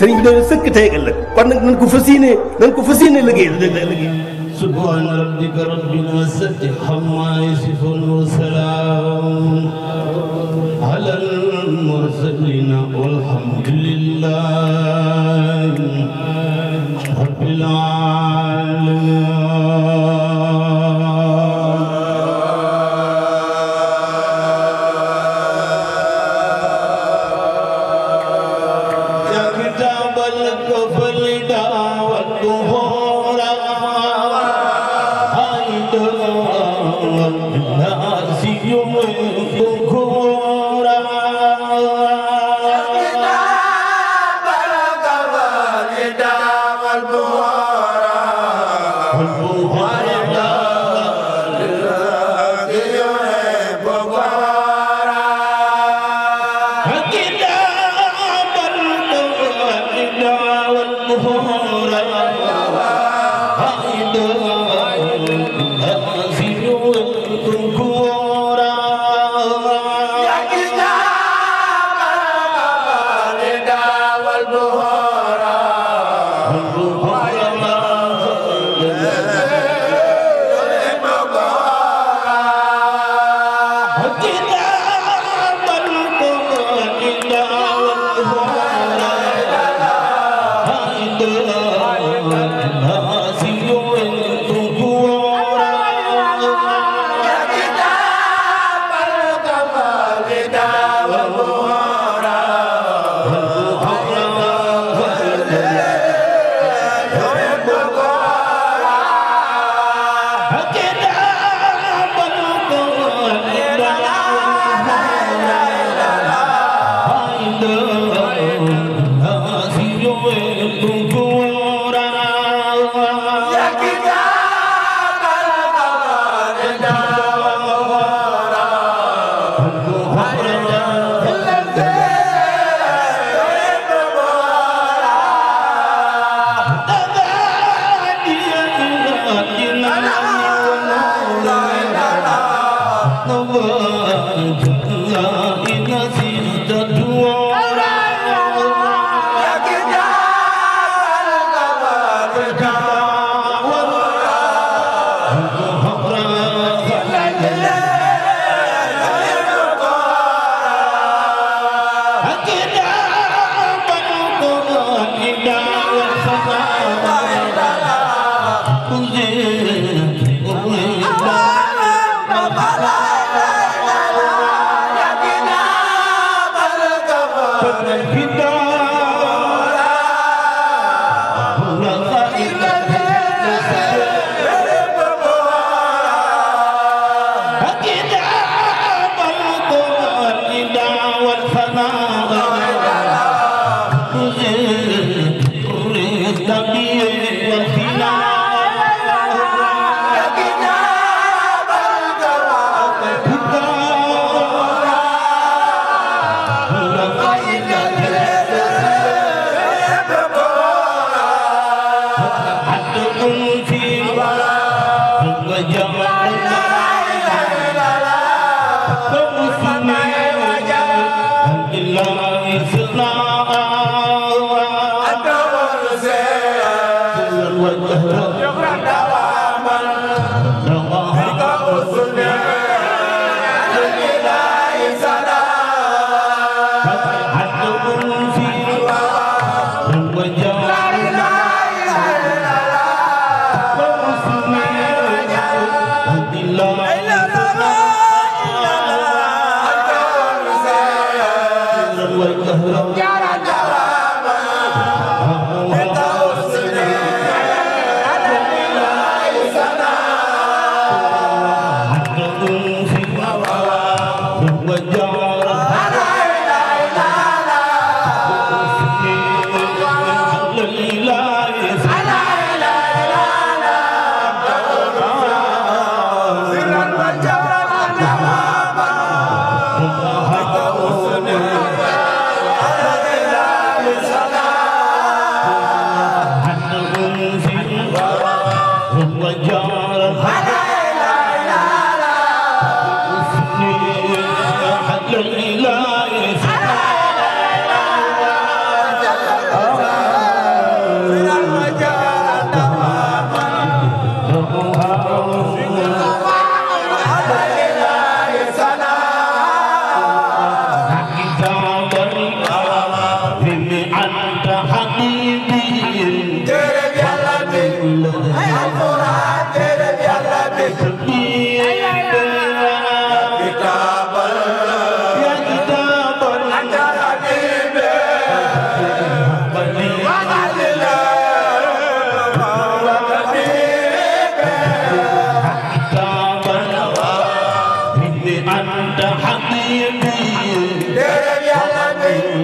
sëriñ bi dana sëkk tey ëllëg kon nag nañ ko fas yéene nañ ko fas yéene liggéey liggéey subhaan rabbika rabbil izzati ammaa yasifuun wa salaamun alal mursaliin walhamdu lillaahi rabbil aalamiin الناس يوم Again. jam والكهرباء لا